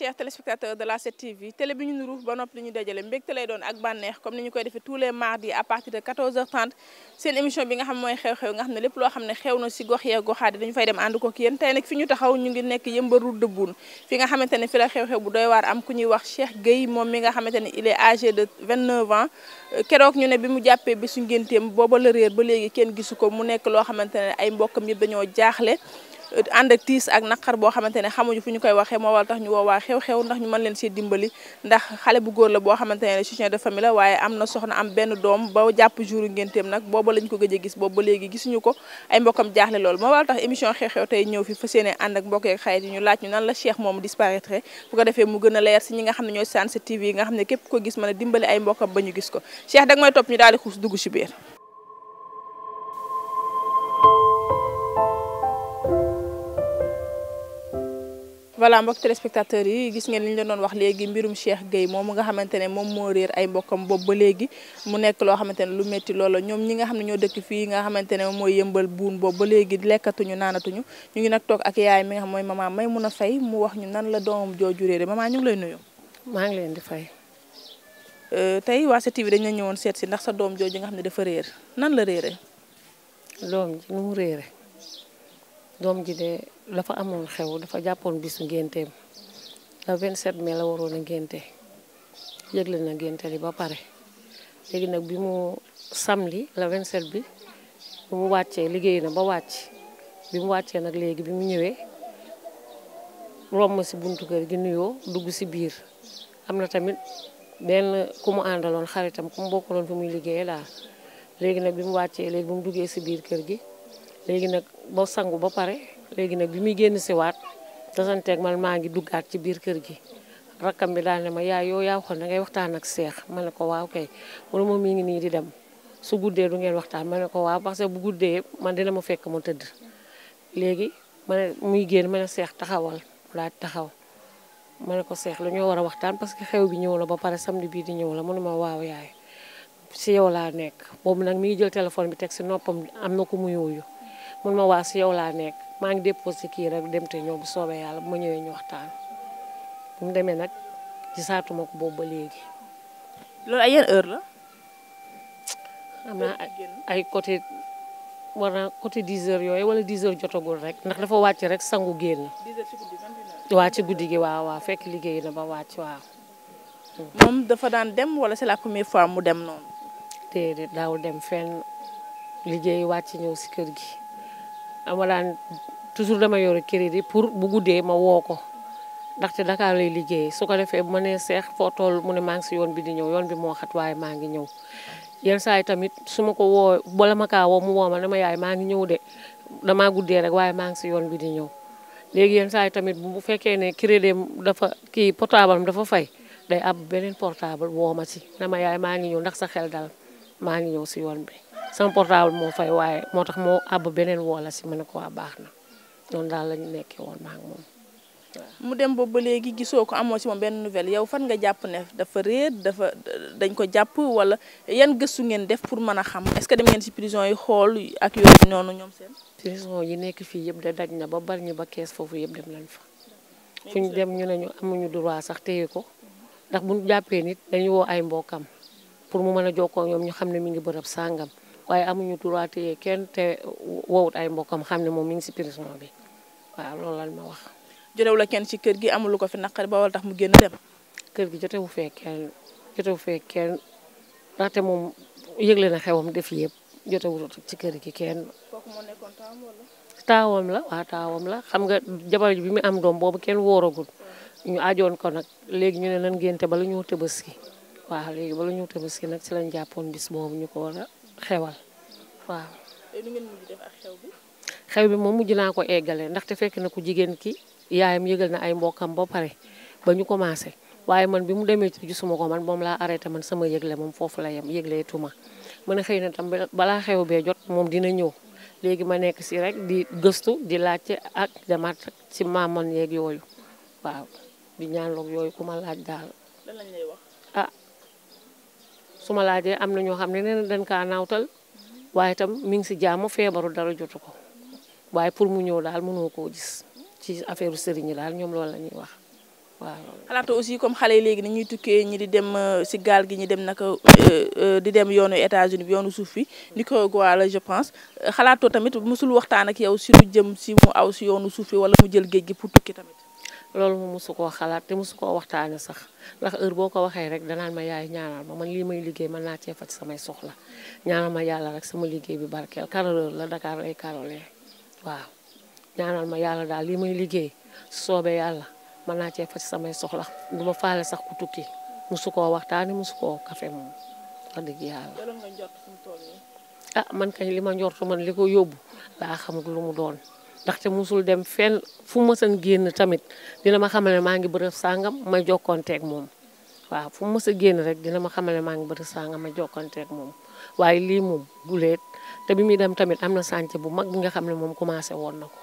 mes chers téléspectateurs de la 7TV télé bi ñu nuru ba noppi ñu dajale mbégte lay doon ak bànneex comme ni ñu koy defee tous les mardis à partir de 14h30 seen émission bi nga xam mooy xew-xew nga xam ne lépp loo xam ne xew na si gox goxaat dañu fay dem ànd ki yéen tey nag fi ñu taxaw ñu ngi fi nga xamante ne fi la xew-xew bu doy waar am ku ñuy wax Cheikh Gueye moom mi nga xamante ne il est âgé de 29 ans keroog ñu ne bi mu jàppee bi su ngénteem booba la réer ba léegi kenn gisu ko mu nekk loo xamante ne ay mbokkam yëpp dañoo jaaxle ànd ak tiis ak naqar boo xamante ne xamuñu fu ñu koy waxee moo wal tax ñu woo waa xew-xew ndax ñu mën leen see dimbali ndax xale bu góor la boo xamante ne soutien de famille la waaye am na soxna am benn doom ba jàpp gis booba ko ay mbokkam jaaxle loolu moo wal tax émission xew fi fas yéene ànd ak mbokk yeeg xarit moom disparaître bu ko nga xam ne ñooy Sen TV yi nga xam ne képp ko gis mën a dimbali ay mbokkam ba ñu gis ko Cheikh dag may topp ñu daal xuus dugg si biir voilà mbokk téléspectateurs yi gis ngeen li ñu leen doon wax léegi mbirum Cheikh Gueye moom nga ne moom moo réer ay mbokkam boobu ba léegi mu nekk loo xamante ne lu métti loola ñoom ñi nga xam ne ñoo dëkk fii nga xamante ne mooy yëmbal buun boobu ba léegi lekkatuñu naanatuñu ñu ngi nag toog ak yaay mi nga xam mooy maman may a fay mu wax ñu nan la doomam jooju réere maman ñu ngi lay nuyu maa ngi leen di fay euh, tey waa 7TV dañ la ñëwoon seet si ndax sa doom jooju nga xam ne dafa réer nan la réere doom ji nu mu réere doom ji de dafa amoon xew dafa jàppoon bisu ngénteem la 27 mai la waroon a ngénte yëgle na ngénte li ba pare léegi nag bi mu samedi la 27 bi bi mu wàccee liggéey na ba wàcc bi mu wàccee nag léegi bi mu ñëwee romb si buntu kër gi nuyoo dugg si biir am na tamit benn ku mu àndaloon xaritam ku mu bokkaloon fi muy liggéeyee daal léegi nag bi mu wàccee léegi bi mu duggee si biir kër gi léegi nag ba sangu ba pare léegi nag bi muy génn si waat tasanteeg man maa ngi duggaat ci biir kër gi rakkam bi daal ne ma yaay yow yaa waxoon da ngay waxtaan ak seex ma ne ko waaw kay wala moom mi ngi nii di dem su guddee du ngeen waxtaan ma ne ko waaw parce que bu guddee man dina ma fekk mu tëdd léegi ma ne muy génn ma ne seex taxawal laa taxaw ma ne ko seex lu ñoo war a waxtaan parce que xew bi ñëw la ba pare samedi bii di ñëw la mu ma waaw yaay si yow laa nekk boobu nag mi ngi jël téléphone bi teg si noppam am na ko mu yooyu mun ma si yow maa ngi déposé kii rek dem te ñëw bu soobee yàlla bu ma ñëwee ñu waxtaan bu mu demee nag gisaatuma ko boobu ba léegi. loolu ay yan heure la. ay côté war naa côté 10 heures yooyu wala 10 heures jotagul rek ndax dafa wàcc rek sangu génn. 10 heures ci guddi waa fekk liggéey na ba wàcc waaw. moom dafa daan dem wala c'est la première fois mu dem noonu. déedéet daawul dem fenn liggéey wàcc ñëw si kër gi. ama ah, daan toujours dama yore crédit pour bu guddee ma woo ko ndaxte Dakar lay liggéey su ko defee bu ma nee seex foo toll mu ne maa ngi si yoon bi di ñëw yoon bi moo xat waaye maa ngi ñëw yenn saa yi tamit su ma ko woo bala ma kaa woo mu woo ma dama yaay maa ngi ñëw de damaa guddee rek waaye maa ngi si yoon bi di ñëw léegi yenn saa yi tamit bu fekkee ne crédit dafa kii portable am dafa fay day ab beneen portable woo ma si dama yaay maa ngi ñëw ndax sa xel dal maa ngi ñëw si yoon bi sama portable moo fay waaye moo tax moo àbb beneen woola si ma ne ko waa baax na noonu daal la ñu nekkee woon maa moom mu dem boobu ba léegi gisoo ko amoo si moom benn nouvelle yow fan nga jàpp ne dafa réer dafa dañ ko jàpp wala yan gëstu ngeen def pour mën a xam est-ce que dem ngeen ci prison yi xool ak noonu ñoom seen. prison yi nekk fii yëpp da daj na ba bari ñu ba kees foofu yëpp dem nañ fa. fu ñu dem ñu ne ñu amuñu droit sax téye ko ndax bu jàppee nit dañu woo ay mbokkam pour mu mën a jokkoo ñoom ñu xam ne mi ngi bërëb sàngam waaye amuñu droit téye kenn te wowut ay mbokkam xam ne moom mi ngi si prison bi waaw loolu lañ ma wax. jotewu la kenn ci kër gi amulu ko fi naqari ba wala tax mu génn kër gi jotewu fee kenn jotewu fee kenn ndaxte moom yëgle na xewam def yëpp jotewu ci kër gi kenn. kooku moo nekkoon taawam wala. taawam la waaw taawam la xam nga jabar ji bi mu am doom boobu kenn wóoragul ñu ajoon ko nag léegi ñu ne nan ngénte ba la ñu tëbaski waaw léegi ba la ñu tëbaski nag si lañ jàppoon bis boobu ñu ko war xewal waaw. nu ngeen mujj xew bi. xew bi moom mujj naa ko eggale ndaxte fekk na ku jigéen ki yaayam yëgal na ay mbokkam ba pare ba ñu commencé waaye man bi mu demee ci suma ko man moom laa arrêté man sama yëgle moom foofu la yem yëglee tuma mën a xëy na tam balaa xew bee jot moom dina ñëw léegi ma nekk si rek di gëstu di laajte ak demaat ci maamoon yeeg yooyu waaw di ñaan loog yooyu ku laaj daal. su ma laajee am na ñoo xam ne nee na dañ kaa naawtal waaye itam mi ngi si jaamu feebaru dara jotu ko waaye pour mu ñëw daal mënoo koo gis ci affaire sëriñ yi daal ñoom loolu la ñuy wax waaw. xalaatu aussi comme xale yi léegi ni ñuy tukkee ñi di dem euh, si gaal gi ñi dem naka euh, euh, di dem yoonu États-Unis yoonu suuf bi ni ko la je pense xalaatoo tamit musul waxtaan ak yow si lu jëm si mu aw si yoonu suuf bi wala mu jël géej gi pour tukki tamit. loolu mu mosu koo xalaat te mosu koo waxtaane sax ndax heure boo ko waxee rek danaan ma yaay ñaanal ma man lii may liggéey mën naa cee faj samay soxla ñaanal ma yàlla rek sama liggéey bi barkeel carreleur la Dakar lay carreler waaw ma yàlla daal lii may liggéey soobee yàlla mën naa cee faj samay soxla du ma faale sax ku tukki mosu koo waxtaane mosu koo kafe moom wax dëgg yàlla ah man kay li ma njortu man li ko yóbbu laa xamut lu mu doon ndaxte musul dem fenn fu mësan génn tamit dina ma xamal ne maa ngi bërëb sàngam ma jokkonteeg moom waaw fu mës a génn rek dina ma xamal ne maa ngi bërëb sàngam ma jokkonteeg moom waaye lii moom guleet te bi muy dem tamit am na sànce bu mag bi nga xam ne moom commencé woon na ko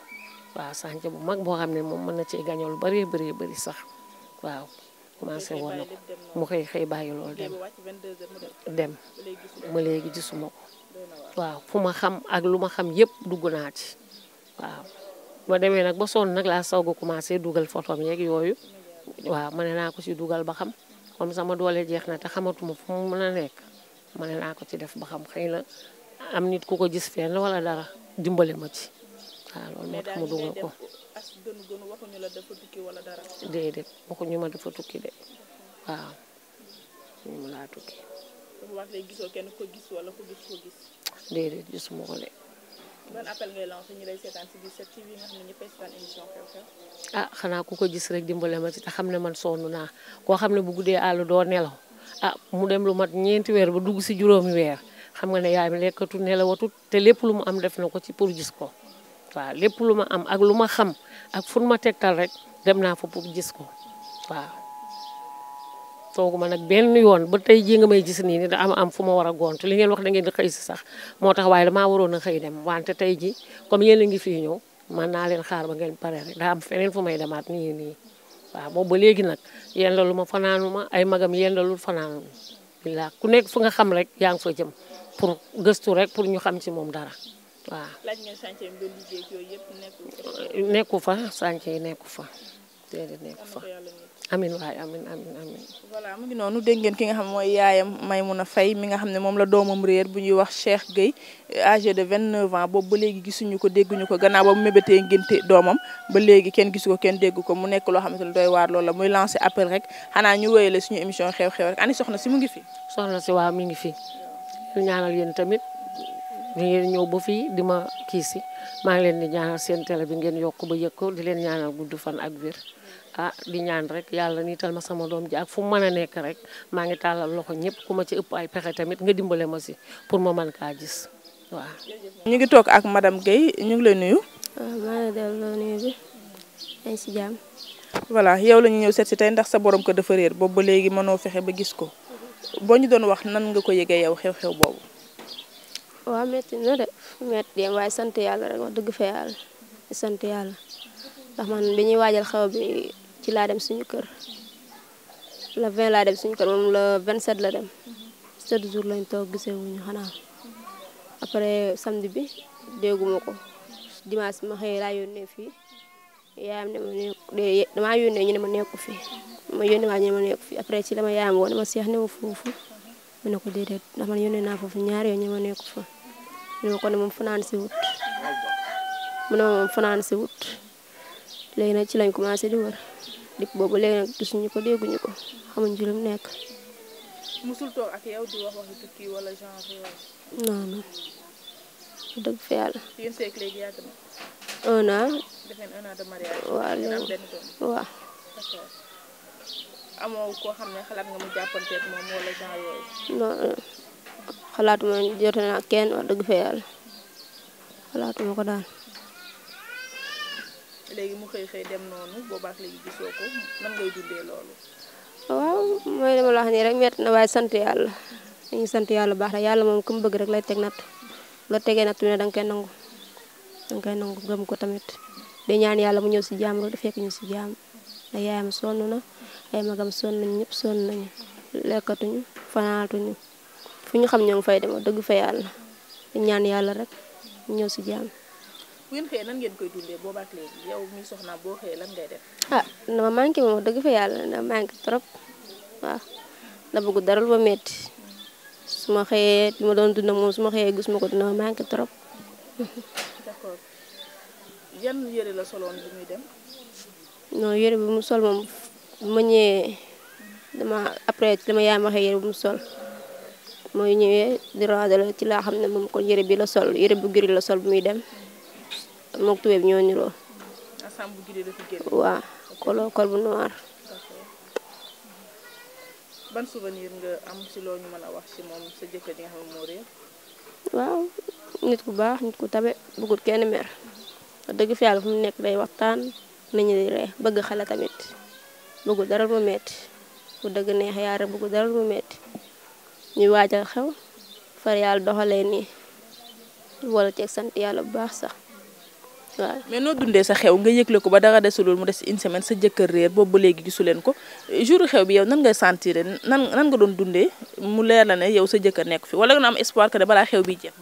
waaw sànce bu mag boo xam ne moom mën na cee gañoo lu bëree bëree bëri sax waaw commencé mu xëy xëy bàyyi loolu dem dem léegi gisuma ko waaw fu ma xam ak lu ma xam yépp dugg naa ci waaw ma demee nag ba sonn nag laa soog a commencé dugal photo yeeg yooyu waaw ma ne naa ko ci dugal ba xam comme sama doole jeex na te xamatuma fu mu mën a ma naa ko ci def ba xam xëy na am nit ku ko gis fenn wala dara dimbale ma ci waaw loolu moo tax mu dugal ko. déedéet waxuñu ma dafa tukki de waaw ñu mu laa tukki. déedéet gisuma ko de. ban appel ngay lancé ñu lay seetaan ci biir 7 ah xanaa ku ko gis rek dimbale ma ci te xam ne man sonn naa koo xam ne bu guddee àll doo nelaw ah mu dem lu mat ñeenti weer ba dugg ci juróomi weer xam nga ne yaay mi lekkatu nelawatut te lépp lu mu am def na ko ci pour gis ko waaw lépp lu ma am ak lu ma xam ak fu ma tegtal rek dem naa fa pour gis ko waaw. tooguma nag benn yoon ba tey jii nga may gis nii ni da am am fu ma war a gont li ngeen wax da di xëy si sax moo tax waaye damaa waroon a xëy dem wante tey ji comme yéen a ngi fii ñëw man naa leen xaar ba ngeen pare rek daa am feneen fu may demaat nii nii waaw boobu ba léegi nag yendalu ma fanaanu ma ay magam yendalul fanaanu bilaa ku nekk fu nga xam rek yaa ngi fa jëm pour gëstu rek pour ñu xam ci moom dara waaw. laaj nga bi liggéey yooyu yëpp nekku fa. nekku yi nekku fa. amin waay amin amin amin voilà mu ngi noonu dégg ngeen ki nga xam mooy yaayam a Faye mi nga xam ne moom la doomam réer bu ñuy wax Cheikh Gueye âgé de 29 ans boob ba léegi gisuñu ko dégguñu ko gannaaw ba mu mébétee ngénte doomam ba léegi kenn gisu ko kenn déggu ko mu nekk loo xamante ne doy waar loolu la muy lancé appel rek xanaa ñu wéyale suñu émission xew-xew rek ani soxna si mu ngi fi soxna si waa mu ngi fi ñaanal yéen tamit di ngeen ñëw ba fii di ma kii si maa ngi leen di ñaanal seen télé bi ngeen yokk ba yëg di leen ñaanal gudd fan ak wér ah di ñaan rek yàlla niital ma sama doom ji ak fu mu a nekk rek maa ngi tàllal loxo ñëpp ku ma ci ëpp ay pexe tamit nga dimbale ma si pour ma man kaa gis waaw. ñu ngi toog ak madam Guèye ñu ngi lay nuyu. waaw ah, maa ngi yow la ñëw seet si tey ndax sa borom ko dafa réer boobu ba léegi mënoo fexe ba gis ko boo ñu doon wax nan nga ko yëgee yow xew-xew boobu. waaw metti waaye sant yàlla rek wax dëgg fa yàlla sant yàlla ndax man bi ñuy waajal xew bi. ci laa dem suñu kër le 20 laa dem suñu kër moom le 27 la dem 7 jours lañ toog gisee wuñu xanaa après samedi bi dégguma ko dimanche ma xëy laa yónnee fii yaayam ne ma nekk damaa yónnee ñu ne ma nekku fii ma yónnee waa ñu ne ma nekku fii après ci la ma yaayam woo ne ma seex ne ma foofu ma ne ko déedéet ndax man yónnee naa foofu ñaari yoon ñu ne ma nekku fa ñu ne ma ko ne moom fanaan si wut mu ne ma moom fanaan si wut léegi nag ci lañ commencé di wër dikk boobu léegi nag gisuñu ko dégguñu ko xamuñ ci lu nekk. musul toog ak yow di wax waxi tukki wala genre wala. dëgg fa yàlla. yéen seeg léegi yàgg na. un koo xam ne xalaat nga mu jàppanteeg moom wala genre yooyu. non xalaatuma jote naa kenn wax dëgg fa yàlla xalaatuma ko daal. léegi mu xëy xëy dem noonu boobaak léegi gisoo ko nan ngay dundee loolu. waaw mooy li la wax nii rek sant yàlla dañuy baax yàlla moom ku mu bëgg rek lay teg natt la tegee natt bi danga koy nangu danga koy nangu gëm ko tamit di ñaan yàlla mu ñëw si jaam rek fekk ñu si jaam da yaayam sonn na ay magam sonn nañu ñëpp sonn lekkatuñu fanaatuñu fu ñu xam ñoo fay dem dëgg fa yàlla ñaan yàlla rek ñëw si jaam. bu ngeen xëyee nan ngeen koy dundee boobaak léegi yow mi soxna boo xëyee lan ngay def. ah dama manqué moom dëgg fa yàlla dama manqué trop dara lu ma metti su ma xëyee li ma doon dund moom su ma xëyee gis ma ko dina ma manqué trop. d'accord yan la soloon bi muy dem. non yëre bi mu sol moom bu ma ñëwee dama après ci dama yaay ma xëy yëre bu mu sol. mooy ñëwee di raadala ci laa xam ne moom ko yëre bi la sol yëre bu giri la sol bu muy dem. mook tubé bi ñoo niroo waaw kolo kol bu noir ci loo ñu mën a wax ci moom sa jëkkër waaw nit ku baax nit ku tabe bëggut kenn mer wax dëgg fi yàlla fu mu nekk day waxtaan nañu ree bëgg xale tamit bëggul dara mu metti bu dëgg neex yaa rek bëggul dara mu metti ñuy waajal xew far yàlla doxalee nii wala ceeg sant yàlla bu baax sax waaw mais noo dundee sa xew nga yëgle ko ba dara desulul mu des une semaine sa jëkkër réer boobu ba léegi gisu leen ko jour xew bi yow nan ngay sentir nan nan nga doon dundee mu leer la ne yow sa jëkkër nekk fi wala nga am espoir que ne balaa xew bi jeex.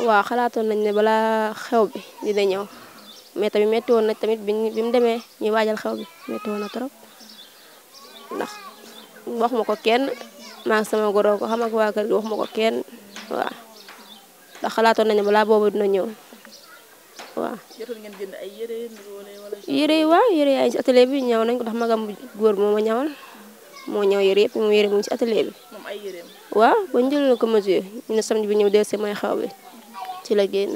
waaw xalaatoon nañ ne balaa xew bi dina ñëw mais tamit métti woon na tamit bi mu demee ñuy waajal xew bi métti na trop ndax wax ma ko kenn maa sama goroo ko xam ak waa kër gi wax ma ko kenn waaw ndax xalaatoon nañ ne balaa boobu dina ñëw. waaw. jotoon ngeen jënd ay yére yére yi waaw yére yaa ngi bi ñaw nañ ko ndax magam góor moo ma ñawal moo ñaw yére yëpp moom yére moom ay yére waaw ba ñu jëloon ko mesure ñu ne samedi bi ñëw dellu si may xaw ci la génn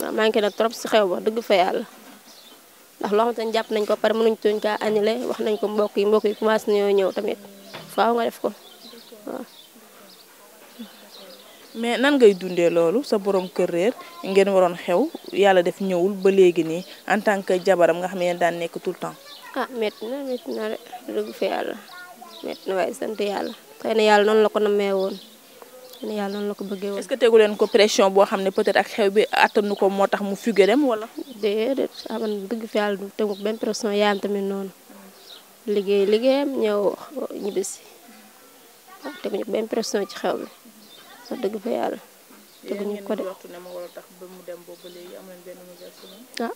waaw manqué nag trop si xew ba dëgg fa yàlla ndax loo xamante ni jàpp nañ ko pare mënuñ tuñ kaa annulé wax nañ ko mbokk yi mbokk yi commencé nañoo ñëw tamit faaw nga def ko mais nan ngay dundee loolu sa borom kër réer ngeen waroon xew yàlla def ñëwul ba léegi nii en tant que jabaram nga xam ne daan nekk tout le temps. ah métti na métti na rek fa yàlla métti waaye sant yàlla xëy na yàlla noonu la ko namee woon xëy na yàlla noonu la ko bëggee woon. est que tegu leen ko pression boo xam ne peut-être ak xew bi àttanu ko moo tax mu fugue dem wala. déedéet xam ah, nga dëgg fa yàlla du tegu benn pression yaayam tamit noonu liggéey liggéeyam ñëw ñibbisi ah, ci xew bi. fa dëgg fa yàlla. teguñu ko de ah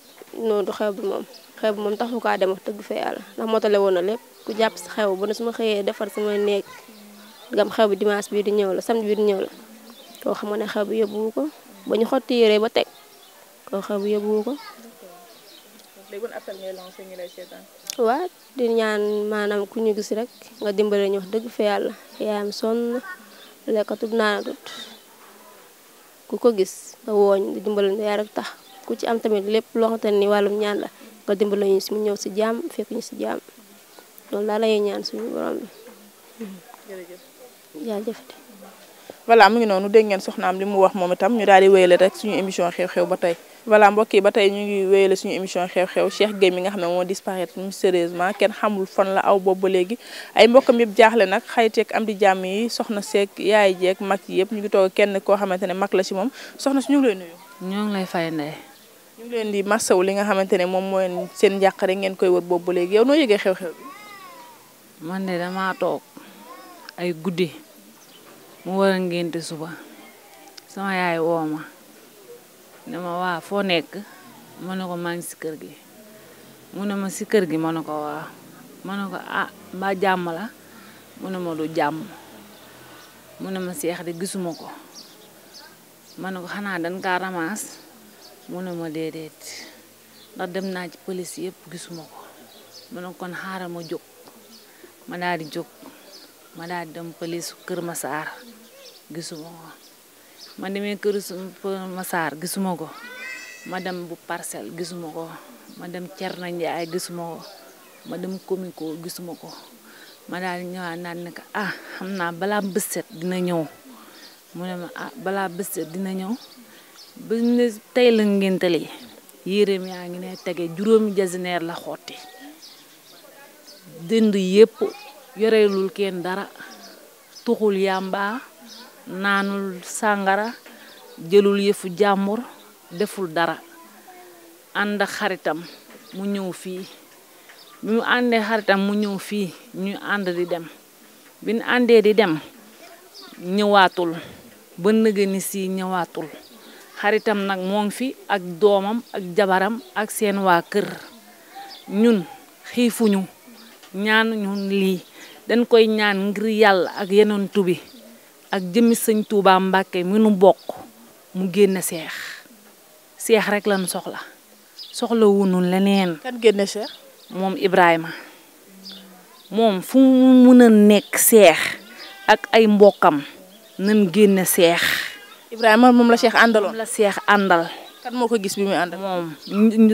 non du xew bi moom xew bi moom tax mu kaa dem wax dëgg fa yàlla ndax motale woon na lépp ku jàpp si xew ba ne su ma xëyee defar sama néeg gam xew bi dimanche bii di ñëw la samedi bii di ñëw la koo xam ne xew bi yóbbuwu ko ba ñu xotti yére ba teg koo xew bi yóbbuwu ko. léegi ban appel ngay di ñaan maanaam ku ñu gis rek nga dimbale ñu wax dëgg fa yàlla yaayam sonn lekkatut naanatut ku ko gis nga wooñ nga dimbali ñu yaa rek tax ku ci am tamit lépp loo ni wàllum ñaan la nga dimbali ñu si mu ñëw si jaam fekk ñu si jaam loolu daal la ñaan suñu borom bi. jërëjëf jaajëf. voilà mu ngi noonu dégg ngeen soxnaam li mu wax moom itam ñu daal di wéyale rek suñu émission xew-xew ba tey. voilà mbokk yi ba tey ñu ngi wéyale suñu émission xew-xew Cheikh Gueye mi nga xam ne moo disparaître mystérieusement kenn xamul fan la aw boobu ba léegi ay mbokkam yëpp jaaxle nag xayit xayiteeg am di jàmm yi soxna seeg yaay jeeg mag yi yëpp ñu ngi toog kenn koo xamante ne mag la si moom soxna si ñu leen lay nuyu. ñoo ngi lay fay ndey. ñu ngi leen di masawu li nga xamante ne moom mooy seen njàqare ngeen koy wër boobu ba léegi yow noo yëgee xew-xew bi. man de ay guddi mu war a ngénte suba sama yaay ne ma waa foo nekk ma ne ko maa si kër gi mu ne ma si kër gi ma ne ko waa ma ne ah mbaa jàmm la mu du jàmm mu ne ma seex de gisuma ko ma ne xanaa dañ kaa ramaas mu ne déedéet ndax dem naa ci police yëpp gisuma ko ma ko kon xaaral ma jóg ma daa di jóg ma daal dem police Kër Massar gisuma ko ma demee kër Massar gisuma ko ma dem bu parcelle gisuma ko ma dem Thierno Ndiaye gisuma ko ma dem komiko gisuma ko ma daal ñëwaat naan ne ah xam naa balaa bës dina ñëw mu ne ma ah balaa bës dina ñëw ba ne tey la ngéntale yéreem yaa ngi ne tege juróomi jasineer la xotti dënd yépp yorelul kenn dara tuxul yàmba naanul sàngara jëlul yëfu jàmbur deful dara ànd xaritam mu ñëw fii mu àndee xaritam mu ñëw fii ñu ànd di dem bin àndee di dem ñëwaatul ba nëga ni si ñëwaatul xaritam nag moo ngi fi ak doomam ak jabaram ak seen waa kër ñun xiifuñu ñaan ñun lii dañ koy ñaan ngir yàlla ak yeneen tubi ak jëmmi sëñ Touba Mbacke mi nu bokk mu génne seex seex rek lañ soxla soxla wunu leneen. kan génne seex. moom Ibrahima moom fu mu mën a nekk seex ak ay mbokkam nan génne seex. Ibrahima moom la seex àndaloon moom la seex àndal. kan moo ko gis bi muy ànd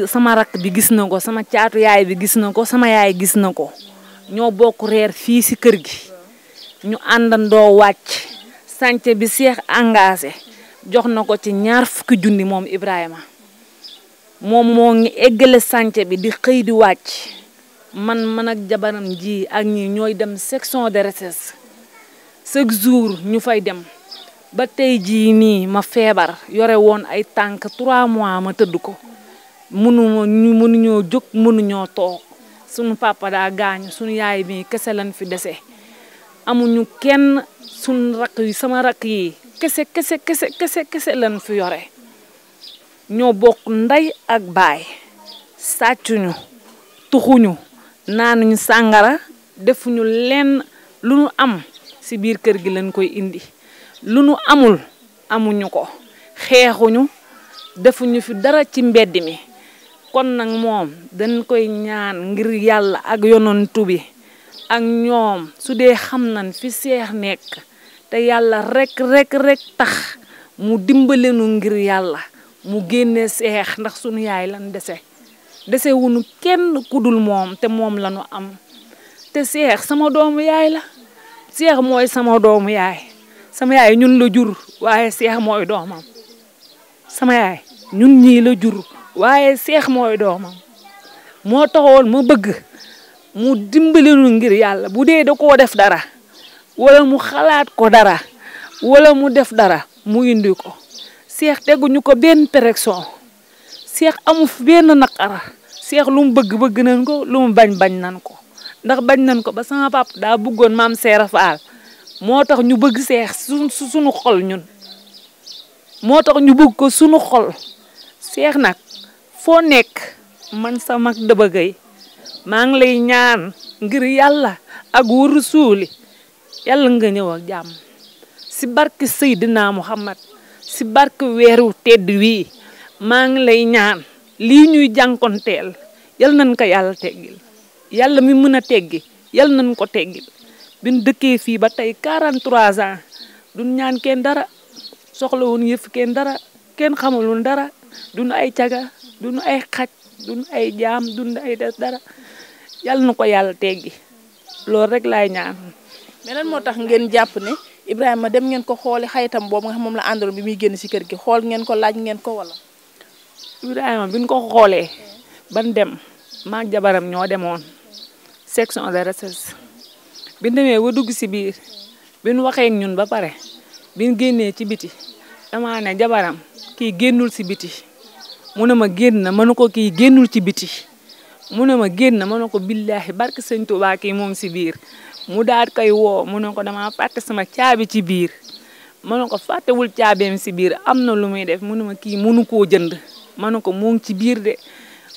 sama rakk bi gis na ko sama caatu yaay bi gis na ko sama yaay gis na ko ñoo bokk reer fii si kër gi ñu àndandoo wàcc. sance bi Cheikh engagé jox na ko ci ñaar fukki junni moom Ibrahima moom moo ngi eggale chantier bi di xëy di wàcc man man ak jabaram ji ak ñii ñooy dem section de recherche chaque jour ñu fay dem ba tey jii nii ma feebar yore woon ay tànk trois mois ma tëdd ko mënuma ñu mënuñoo jóg mënuñoo toog sunu papa daa gaañu sunu yaay bi kese lañ fi dese amuñu kenn suñ rakk yi sama rakk yi kese kese kese kese kese lan fi yore ñoo bokk ndey ak baay sàccuñu tuxuñu naanuñu sàngara defuñu lenn lu nu am ci biir kër gi lañ koy indi lu nu amul amuñu ko xeexuñu defuñu fi dara ci mbedd mi kon nag moom dañ koy ñaan ngir yàlla ak yonantu bi ak ñoom su dee xam nañ fi seex nekk te yàlla rek rek rek tax mu dimbale nu ngir yàlla mu génne seex ndax sunu yaay lan dese dese wunu kenn kudul moom te moom la nu am te seex sama doomu yaay la seex mooy sama doomu yaay sama yaay ñun la jur waaye seex mooy doomam sama yaay ñun ñii la jur waaye seex mooy doomam moo taxoon ma bëgg mu dimbale nu ngir yàlla bu dee da koo def dara wala mu xalaat ko dara wala mu def dara mu indi ko seex teguñu ko benn pression seex amu benn naqara seex lu mu bëgg bëgg nañ ko lu mu bañ bañ nañ ko ndax bañ nañ ko ba sama pap daa bëggoon maam Seera Faal moo tax ñu bëgg seex su suñu xol ñun moo tax ñu bëgg ko suñu xol seex nag foo nekk man sa mag dëbëgay maa ngi lay ñaan ngir yàlla ak wëru suuli yàlla nga ñëw ak jàmm si barke Seydina Muhammad si barke weeru tedd wii maa ngi lay ñaan lii ñuy jànkonteel yal nañ ko yàlla teggil yàlla mi mën a teggi yal nañ ko teggil bin dëkkee fii ba tey 43 ans du ñaan kenn dara soxla woon yëf kenn dara kenn xamaloon dara duñ ay caga duñ ay xaj duñ ay jaam duñ ay des dara yal na ko yàlla teggi loolu rek lay ñaan mais moo tax ngeen jàpp ne Ibrahima dem ngeen ko xooli xayitam boobu nga xam moom la àndaloon bi muy génn si kër gi xool ngeen ko laaj ngeen ko walla. Ibrahima bi ko xoolee. ban dem maag jabaram ñoo demoon. section de recherche. bi ñu demee ba dugg ci biir. bi waxee ak ñun ba pare. bi ñu génnee ci biti. damaa ne jabaram kii génnul si biti. mu ne ma génn na ne ko kii génnul ci biti. mu ne ma génn ma ne ko billaahi barke sëñ Tuubaa kii moom ci biir. mu daal koy woo mu ne ko dama fàtte sama caabi ci biir ma ne ko fàttewul caabeem si biir am na lu muy def mu ne ma kii mënu koo jënd ma ne ko moo ngi ci biir de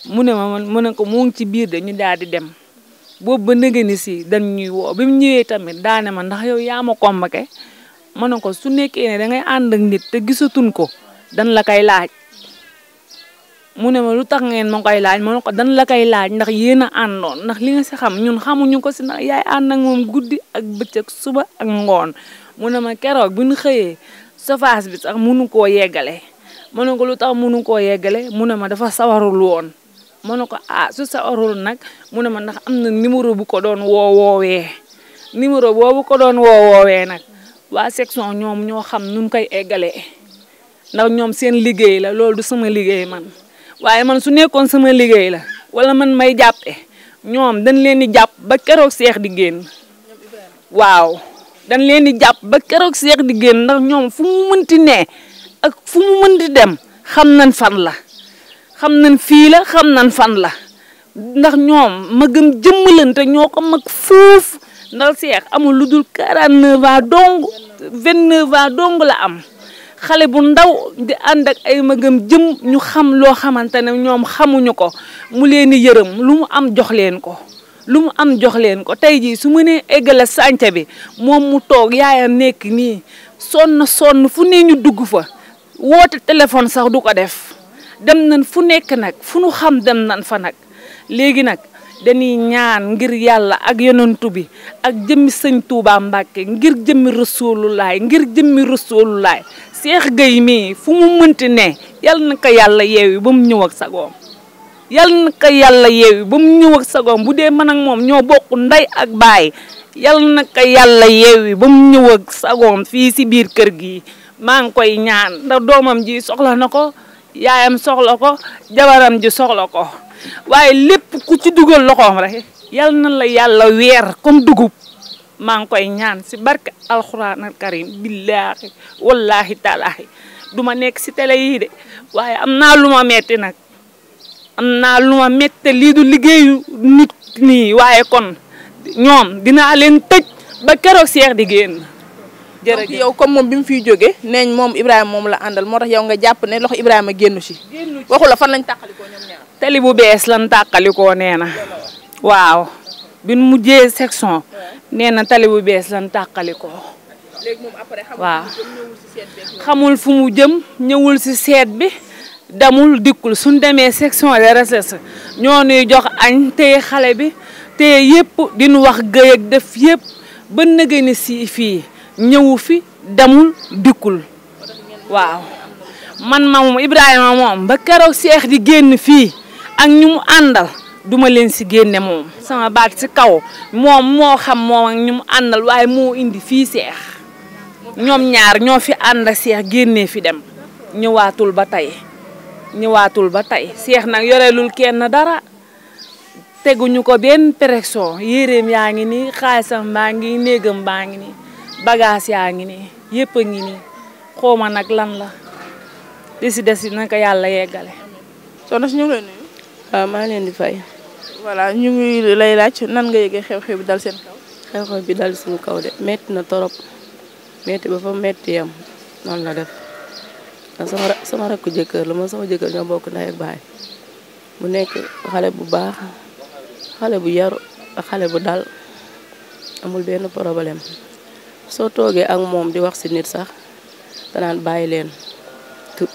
mu ne ma man mu ne ko moo ngi ci biir de ñu daal di dem boobu ba nëgëni si dañ ñuy woo bi mu ñëwee tamit daane ma ndax yow yaa ma convoqué ma ne ko su nekkee ne da ngay ànd ak nit te gisatuñ ko dan la koy laaj. mu ne ma lu tax ngeen ma koy laaj ma ne ko dan la koy laaj ndax yéen a àndoon ndax li nga si xam ñun xamuñu ko si ndax yaay moom guddi ak bëccëg suba ak ngoon mu ne ma keroog bu ñu xëyee surface bi sax koo yeggale ma ne ko lu tax munu koo yeggale mu ne ma dafa sawarul woon ma ne ko ah su sawarul nag mu ne ma ndax am na numéro bu ko doon woo woowee numéro boobu ko doon woo woowee nag waa section ñoom ñoo xam nu mu koy eggalee ndax ñoom seen liggéey la loolu du sama liggéey man waaye man su nekkoon sama liggéey la wala man may jàppe ñoom dañ leen di jàpp ba keroog seex di génn waaw dañ leen di jàpp ba keroog seex di génn ndax ñoom fu mu mënti ne ak fu mu mënti dem xam nañ fan la xam nañ fii la xam nañ fan la ndax ñoom magam jëmmalante ñoo ko mag fuuf ndax seex amul lu dul 49 ans dong 29 ans dong la am xale bu ndaw di ànd ak ay magam jëm ñu xam loo xamante ne ñoom xamuñu ko mu leen di yërëm lu mu am jox leen ko lu mu am jox leen ko tey jii su ma nee mënee eggale sànca bi moom mu toog yaayam nekk nii sonn sonn fu ne ñu dugg fa woote téléphone sax du ko def dem nañ fu nekk nag fu nu xam dem nañ fa nag léegi nag dañuy ñaan ngir yàlla ak yonentu bi ak jëmmi sëñ Tuubaa Mbàkke ngir jëmmi Rasuulu ngir jëmmi Rasuulu Cheikh géy mii fu mu mënti ne yal na ko yàlla yeewi ba mu ñëw ak sagoom yal na ko yàlla yeewi ba mu ñëw sagoom bu dee man ak moom ñoo bokk ndey ak baay yal na ko yàlla yeewi ba mu ñëw ak sagoom fii si biir kër gi maa ngi koy ñaan ndax doomam ji soxla na ko yaayam soxla ko jabaram ji soxla ko waaye lépp ku ci dugal loxoom rek yal na la yàlla weer comme dugub. maa ngi koy ñaan si barke alxuraan al karim billaahi wallaahi taalaahi du nekk si tele yii de waaye am naa lu ma metti nag am naa luma ma metti lii du liggéeyu nit nii waaye kon ñoom dinaa leen tëj ba keroog seex di génn jërëjëf yow comme moom bi mu fiy jógee neeñ moom Ibrahima moom la àndal moo tax yow nga jàpp ne loxo Ibrahima génnu si waxu la fan lañ tàqalikoo ñoom ñaar tali bu nee na waaw bi mu mujjee section nee na tali bu bees lan tàqali ko waaw xamul fu mu jëm ñëwul si seet bi damul dikkul suñ demee section de recherche ñoo nuy jox añ téye xale bi téye yëpp diñu wax gëy ak def yëpp ba nëgë ni si fii ñëwu fi damul dikkul waaw man ma moom Ibrahima ba keroog seex di génn fii ak ñu mu àndal duma leen si génne moom sama baat si kaw moom moo xam moom ak ñu moo indi fii seex ñoom ñaar ñoo fi ànd seex fi dem ñëwaatul ba tey ñëwaatul ba tey seex nag yorelul kenn dara teguñu ko benn pression yéreem yaa ngi nii xaalisam baa ngi baa ngi nii bagage yaa ngi nii yëpp a ngi nii nag lan la desi desi naka yàlla yeggale. soxna si ah, leen di fay. voilà ñu ngi lay laaj nan nga yëgee xew-xew bi dal seen kaw. bi dal suñu kaw de metti na torop metti ba fa metti yam noonu la def ndax sama jëkkër la moom sama jëkkër ñoo bokk ndey ak baay mu nekk xale bu baax xale bu yaru xale bu dal amul benn problème soo toogee ak moom di wax si nit sax danaan bàyyi leen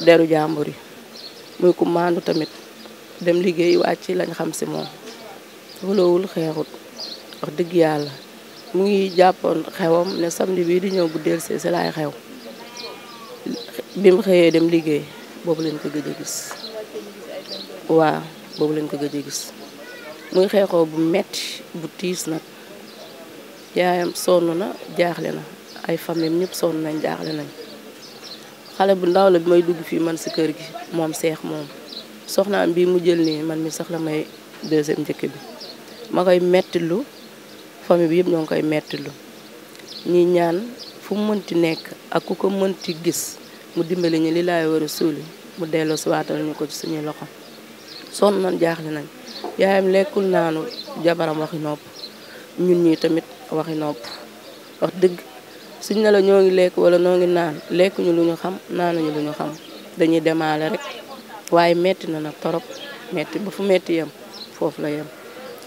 deru jàmbur yi muy ku maandu tamit dem liggéey wàcc lañ xam si moom wulawul xeexut wax dëgg yàlla mu ngi jàppoon xewam ne samedi bii di ñëw bu delsee si laay xew bi mu xëyee dem liggéey boobu lañ ko gëj a gis waaw boobu lañ ko gëj a gis muy xeexoo bu metti bu tiis nag yaayam sonn na jaaxle na ay famille ñëpp sonn nañ jaaxle nañ xale bu ndaw la bi may dugg fii man si kër gi moom seex moom soxnaam bii mu jël nii man mi sax la may deuxième njëkk bi ma koy mettilu famille bi yëpp ñoo ngi koy mettilu ñi ñaan fu mu mënti nekk ak ku ko mënti gis mu dimbali ñu li laay war a suuli mu delloo si waatal ñu ko ci suñuy loxo sonn nañ jaaxle nañ yaayam lekkul naanu jabaram waxi nopp ñun ñi tamit waxi nopp wax dëgg suñ ne la ñoo ngi lekk wala noo ngi naan lekkuñu lu ñu xam naanuñu lu ñu xam dañuy demaale rek waaye metti na nag torop metti ba fu metti yem foofu la yem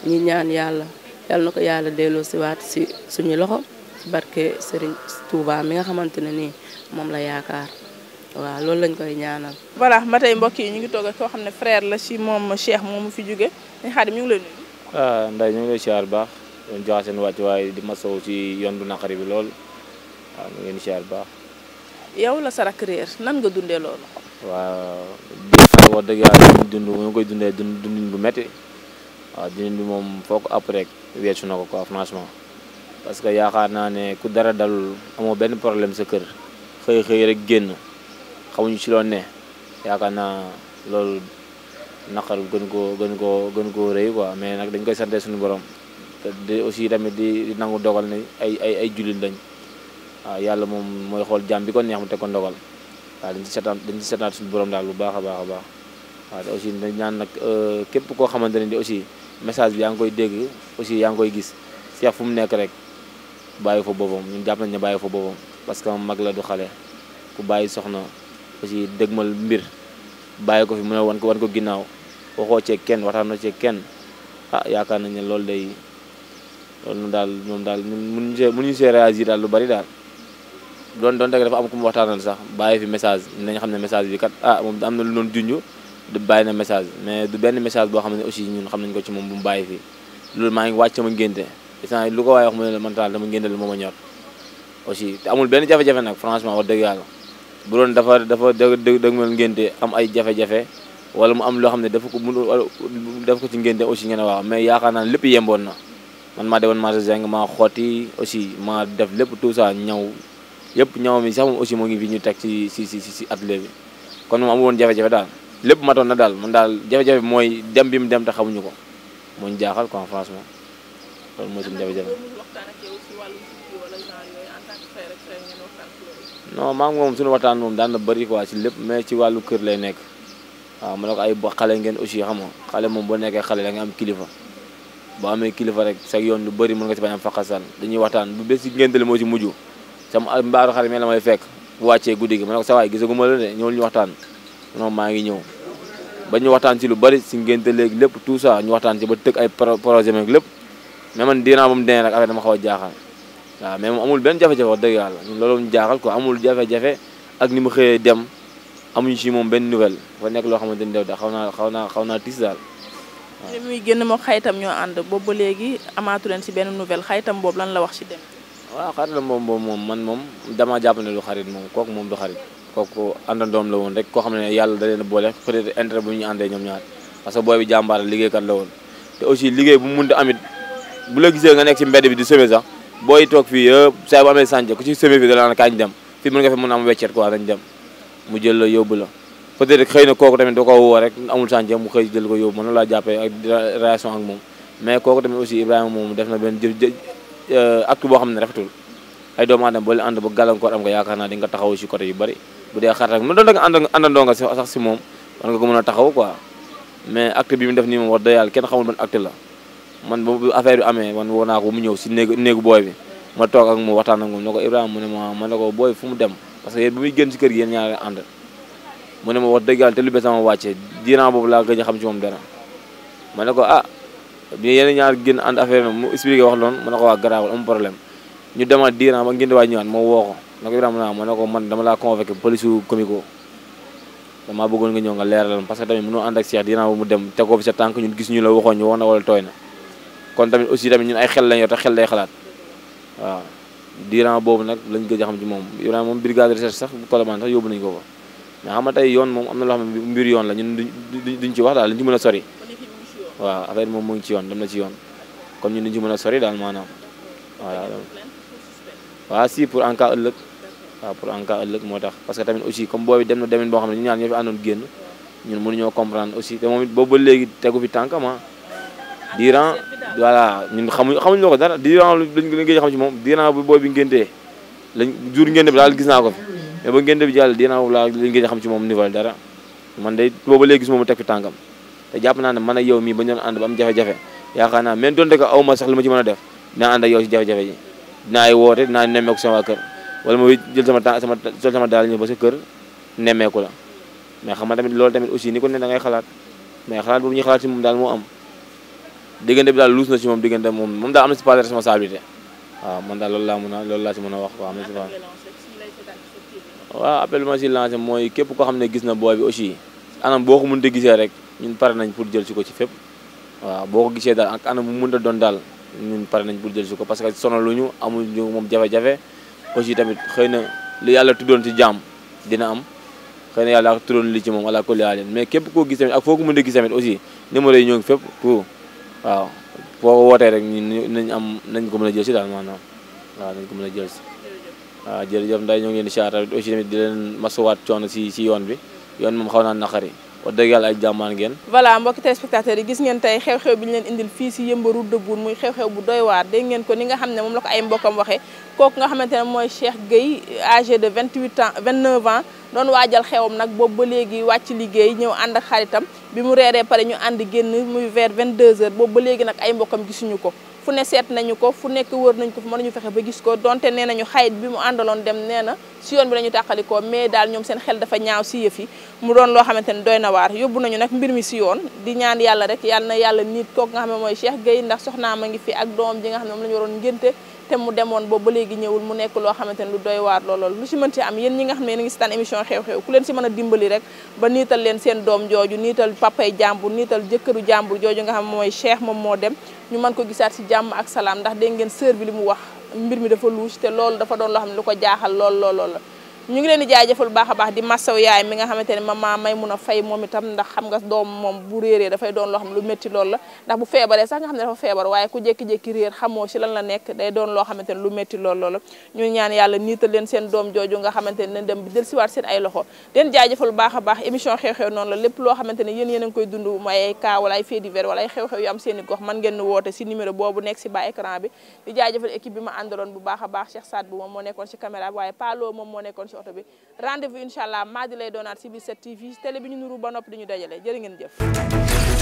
ñi ñaan yàlla yal na ko yàlla delloo si waat si suñu loxo ci barke Serigne Touba mi nga xamante ne nii moom la yaakaar waaw loolu lañ koy ñaanal. voilà ba tey mbokk yi ñu ngi toog ak koo xam ne frère la si moom moom mu fi jóge dañ Xaadim ñu ngi lay nuyu. ah Ndeye ñu ngi lay siyaar baax doon joxe seen wàcc waaye di ma sow ci yoon bu naqari bi lool waaw ah, ñu ngi leen siyaar baax. yow la sa rakk nan nga dundee loolu. waaw di xar wax dëgg yàlla dund mu ngi koy dundee dund dundin bu métti. waaw dinañ bi moom foog app rek weesu na ko ko franchement parce que yaakaar naa ne ku dara dalul amoo benn problème sa kër xëy xëy rek génn xamuñu si loon ne yaakaar naa loolu naqar gën koo gën koo gën koo rëy quoi mais nag dañ koy sante suñu borom te di tamit di nangu dogal ne ay ay ay jullit lañ waaw yàlla moom mooy xool jàmm bi ko neex mu teg ko ndogal waaw dañ dañ ci seetaan suñu borom daal lu baax a baax a baax waa te aussi dañ ñaan nag euh, képp koo xamante ne di aussi message bi yaa ngi koy dégg aussi yaa ngi koy gis Cheikh fu mu nekk rek bàyyi fa boppam ñun jàpp nañ ne bàyyi fa boppam parce que mag la du xale ku bàyyi soxna aussi dëgmal mbir bàyyi ko fi mu ne wan ko wan ko ginnaaw waxoo cee kenn waxtaanoo cee kenn ah yaakaar nañ ne loolu day loolu daal moom daal mënuñu see mënuñu see réagir daal lu bari daal doon doon rek dafa am ku mu waxtaanal sax bàyyi fi message nañ xam ne message bi kat ah moom am na lu du bàyyi na message mais du benn message boo xam ne aussi ñun xam nañ ko ci moom bu mu bàyyi fii loolu maa ngi wàcc sama ngénte instant lu ko waaye wax mu ne la man daal dama ngénte lu ma amul benn jafe-jafe nag franchement dëgg yàlla bu doon dafa dafa dëgg dëgg mal ngénte am ay jafe-jafe wala mu am loo xam ne dafa ko mun def ko ci ngénte aussi ngeen waaw mais yaakaar naa lépp yemboon na man maa demoon marché zeng maa xotti aussi maa def lépp tout ça ñaw yëpp ñaw mi sax moom aussi moo ngi fi ñu teg ci si si si atelier bi kon moom amul woon jafe-jafe daal lépp matoon na daal man daal jafe-jafe bi mooy dem bi mu dem te ñu ko mooñ jaaxal quoi franchement loolu mooy suñu jafe-jafe. non maa ngi moom suñu waxtaan moom daan na bëri quoi si lépp mais ci wàllu kër lay nekk waaw ma ne ko ay xale ngeen aussi xam nga xale moom boo nekkee xale da nga am kilifa boo amee kilifa rek sa yoon lu bari mën nga si bañ am faqasan dañuy waxtaan bu bés si ngénte moo si mujj sama mbaaru xale mi la may fekk bu wàccee guddi gi ma ne ko sa waay gisaguma la de ñëwul waxtaan non maa ngi ñëw ba ñu waxtaan ci lu bari si ngénte léegi lépp tout ça ñu waxtaan ci ba tëgg ay projet meeg lépp mais man diinaa moom denee rek affaire dama xaw a jaaxal waaw mais moom amul benn jafe-jafe dëgg yàlla ñun loolu ñu jaaxal amul jafe-jafe ak ni mu xëyee dem amuñ ci moom benn nouvelle fa nekk loo xamante ni dew da xaw naa xaw naa xaw naa tiis daal waaw muy génn moom xaytam ñoo ànd boobu ba léegi amaatu leen ci benn nouvelle xaytam boobu lan la wax ci dem waaw xaritam moom boobu moom man moom dama jàpp ne du xarit moom kooku moom du kooku àndandoom la woon rek koo xam ne yàlla da leen boole peut être intérêt bu ñu àndee ñoom ñaar parce que booy bi jàmbaar liggéeykat la woon te aussi liggéey bu mu munti amit bu la gisee nga nekk ci bi di semé sax booy toog fii yëpp saa bu amee sànq ku ci semé fii danaan kañ dem fii mën nga fi a dem mu jël la yóbbu la peut xëy na kooku tamit da ko woo rek amul sànq mu xëy jël ko yóbbu mën na laa jàppee ak relation ak moom mais kooku tamit aussi Ibrahima moom def na benn jëf euh, acte boo xam ne rafetul ay doomu aadama boo leen ànd ba gàllankoor am nga yaakaar naa di nga taxaw ci côté yu bari bu dee xarit ak mu doon da nga ànd ko a taxaw mais acte bi mu def nii moom wax dëgg yàlla kenn xamul ban acte la man bu affaire bi amee man woo naa ko mu ñëw si néegu néegu booy bi ma toog ak mu waxtaan ak moom ne ko Ibrahima mu ne ma man ne booy fu dem parce que yéen bu muy génn si kër gi yéen ñaare ànd mu ne ma wax dëgg yàlla te lu bees sama wàccee diinaa boobu laa gëj a xam ci moom dara ma ne ko ah bi yenn ñaar génn ànd affaire bi mu expliqué wax loon ma ne ko waa garaawul am problème ñu demaat diinaa ba ngeen di waaj ñëwaat ma woo ko na ko Ibrahima naa ma ne ko man dama laa convoqué police su Comico bëggoon nga ñëw nga leeralal parce que tamit mënoo ànd ak Cheikh dinaa mu dem tegoo fi sa tànk ñun gis ñu la waxoon ñu xel lañ yor te xel lay boobu nag lañ gëj a xam ci moom Ibrahima moom brigade recherche sax bu Colobane sax yóbbu nañu ko fa mais xam yoon moom am na loo xam ne mbir yoon la ñun duñ ci wax daal duñ ci mën a sori waaw affaire moom mu ngi ci yoon dem na ci yoon kon ñu duñ ci mën a sori daal maanaam waaw waaw si pour en ëllëg waaw pour en cas ëllëg moo tax parce que tamit aussi comme boobi dem na demin boo xam ne ñu ñaar ñoo fi àndoon génn ñun mënuñoo comprendre aussi te moom boobu ba tegu fi tànkama ah. diiran voilà ñun xamuñ xamuñ ko dara diiran lañ ngeen xam ci moom diiran bu naa ko fi mais ba ngénte bi jàll diiran boobu laa lañ ngeen xam ci moom niveau dara man day boobu ba léegi gis teg fi tànkam te jàpp naa ne man ak yow mii ba ñu doon ànd ba am jafe-jafe yaakaar naa même donte ko aw ma sax li ma ci def dinaa ànd ak yow ci jafe-jafe yi dinaa ay woote dinaa nemmeeku sama wala mooy jël sama temps sama sol sama daal ñëw ba sa kër nemmeeku la mais xam nga tamit loolu tamit aussi ni ko ne da ngay xalaat mais xalaat boobu ñuy xalaat si moom daal moo am diggante bi daal luus na si moom diggante moom moom daal am si part de responsabilité waaw man daal a loolu laa si mën a wax waaw am na si part waaw mooy képp koo xam ne gis na booy bi aussi anam boo ko mënta gisee rek ñun pare nañ pour jël si ko ci fépp waaw boo ko gisee daal ak anam bu mënta doon daal ñun pare nañ pour jël si ko parce que sonaluñu lu ñu moom jafe-jafe aussi tamit xëy na li yàlla tuddoon ci jaam dina am xëy na yàlla tuddoon li ci moom ala kulli haal mais képp koo gis tamit ak foo ko mën a gis tamit aussi numéro yi ñoo ngi fépp pour waaw foo ko wootee rek ñu nañ am nañ ko mën a jël si daal maanaam waaw nañ a jël si waaw jërëjëf nday ñoo ngi leen di siyaar tamit aussi tamit di leen masuwaat coono si si yoon bi yoon moom xaw naa naqari wax dëgg yàlla ay jàmmaan ngeen voilà mbokki téléspectateurs yi gis ngeen tey xew-xew bi ñu leen indil fii si Yeumbeul route de Bour muy xew-xew bu doy waar dégg ngeen ko ni nga xam ne moom la ko ay mbokkam waxee kooku nga xamante ne mooy Cheikh Gueye âgé de 28 ans 29 ans doon waajal xewam nag boobu ba léegi wàcc liggéey ñëw ànd ak xaritam bi mu reeree pare ñu ànd génn muy vers deux heures boobu ba léegi nag ay mbokkam gisuñu ko fu ne seet nañu ko fu nekk wër nañ ko fu mënuñu fexe ba gis ko donte nee nañu xayit bi mu àndaloon dem nee na si yoon bi lañu tàqalikoo mais daal ñoom seen xel dafa ñaaw si yëf yi mu doon loo xamante ne doy na waar yóbbu nañu nag mbir mi si yoon di ñaan yàlla rek yàlla na yàlla nit kooku nga xam ne mooy Cheikh Gueye ndax soxnaa ma ngi fi ak doom ji nga xam ne moom la ñu waroon ngénte te mu demoon boobu ba léegi ñëwul mu nekk loo xamante ne lu doy waar loolool lu ci mën am yéen ñi nga xam ne yéen a ngi seetaan émission xew-xew ku leen ci mën a dimbali rek ba niital leen seen doom jooju niital papay jàmbur niital jëkkëru jàmbur jooju nga xam mooy cheikh moom moo dem ñu mën ko gisaat ci jàmm ak salaam ndax dégg ngeen sœur bi li mu wax mbir mi dafa louche te loolu dafa doon loo xam ne lu ko jaaxal lool lool lool ñu ngi leen di jaajëfal baax a baax di massaw yaay mi nga xamante ne maman may mun a ñaan yàlla niital leen seen doom jooju nga xamante ne nañ dem bi seen ay loxo leen jaajëfal baax a baax émission xew i gox man ngeen woote ci numéro boobu nekk ci bas écran bi équipe bi ma àndaloon bu baax a baax Cheikh Saad bu moom moo nekkoon ci caméra bi waaye Palo moom moo nekkoon ci oto bi rendez-vous incha allah maa di lay doonaat si biir 7TV télé bi ñu nuru ba nopp di ñu dajale jërë ngeen jëf